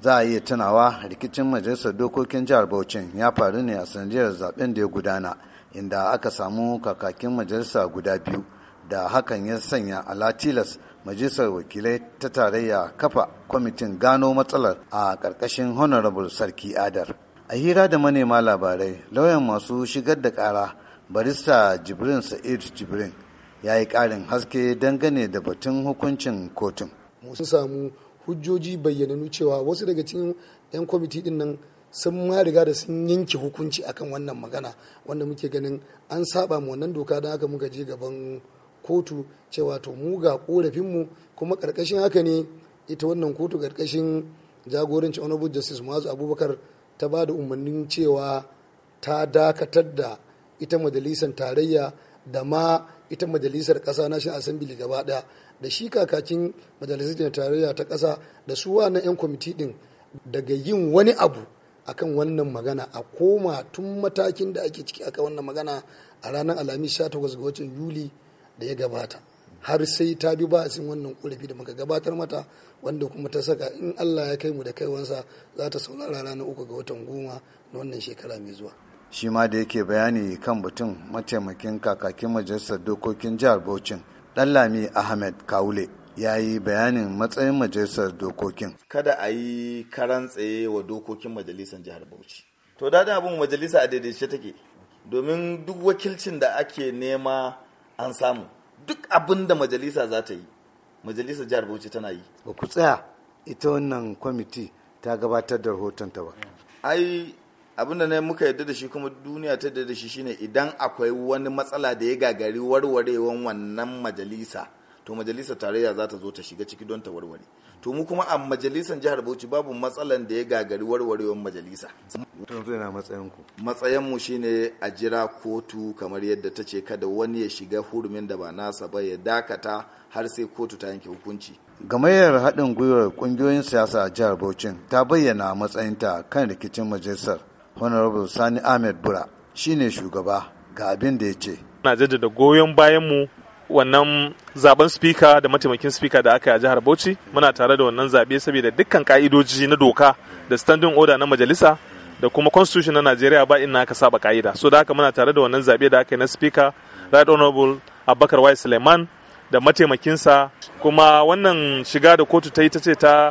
za a iya tunawa rikicin majalisar dokokin jihar Bauchin ya faru ne a sanadiyar zaben da ya gudana inda aka samu kakakin majalisa guda biyu da hakan ya sanya alatilas majalisar wakilai ta tarayya kafa kwamitin gano matsalar a ƙarƙashin honorable sarki adar a hira da manema labarai lauyan masu shigar da ƙara barista jibrin sa'id jibrin ya yi ƙarin haske dangane da batun hukuncin kotun. hujjoji bayyananu cewa wasu daga cikin 'yan kwamiti din nan sun ma riga da sun yanke hukunci a kan wannan magana wanda muke ganin an saba mu wannan doka da haka muka je gaban kotu cewa to mu ga korafinmu kuma karkashin haka ne ita wannan kotu karkashin jagorancin honorable justice mazu abubakar ta ba da umarnin cewa ta dakatar da ita majalisar tarayya da ma ita majalisar ƙasa national assembly gaba ɗaya da shi kakakin majalisar tarayya ta ƙasa da su na 'yan kwamiti ɗin daga yin wani abu akan wannan magana a koma tun matakin da ake ciki akan wannan magana a ranar alhamis 18 ga watan yuli da ya gabata har sai ta bi ba ba'asin wannan ƙorafi da muka gabatar mata wanda kuma ta saka in allah ya kai mu da kaiwansa za ta saurara ranar uku ga watan goma na wannan shekara mai zuwa shi ma da yake bayani kan mutum, mataimakin kakakin majalisar dokokin jihar Bauchin lami Ahmed Kawule ya yi bayanin matsayin majalisar dokokin. Kada a yi karan tsaye wa dokokin majalisar jihar Bauchi. To da abin majalisa a daidaice take domin duk wakilcin da ake nema an samu duk abin da majalisa za ta yi majalisar jihar Bauchi tana yi. Ba ku tsaya ita wannan kwamiti ta gabatar da rahoton ta ba. Ai abinda ne muka yadda da shi kuma duniya ta yadda da shi shine idan akwai wani matsala da ya gagari warwarewan wannan majalisa to majalisa tarayya za ta zo ta shiga ciki don ta warware to mu kuma a majalisar jihar bauchi babu matsalan da ya gagari warwarewan majalisa matsayin mu shine a jira kotu kamar yadda ta ce kada wani ya shiga hurumin da ba nasa ba ya dakata har sai kotu ta yanke hukunci gamayyar haɗin gwiwar ƙungiyoyin siyasa a jihar bauchi ta bayyana matsayinta kan rikicin majalisar honorable sani ahmed bura shine shugaba ga abin da ya ce na jaddada goyon bayan mu wannan zaben spika da mataimakin spika da aka yi a jihar Bauchi muna tare da wannan zabe saboda dukkan ka'idoji na doka da standing order na majalisa da kuma constitution na Najeriya ba ina aka saba ka'ida so da haka muna tare da wannan zabe da aka yi na spika right honorable Abubakar Wai Suleiman da mataimakinsa kuma wannan shiga da kotu ta yi ta ce ta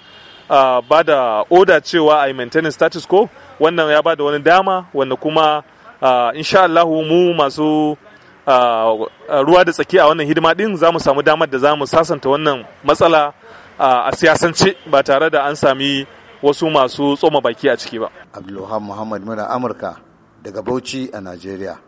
ah, ba da oda cewa a maintaining status quo wannan ya bada wani dama wanda kuma insha Allah mu masu ruwa da tsaki a wannan hidima din za mu samu damar da za mu sasanta wannan matsala a siyasance ba tare da an sami wasu masu tsoma baki a ciki ba. Abdulluhan Muhammad muna Amurka daga Bauchi a Najeriya.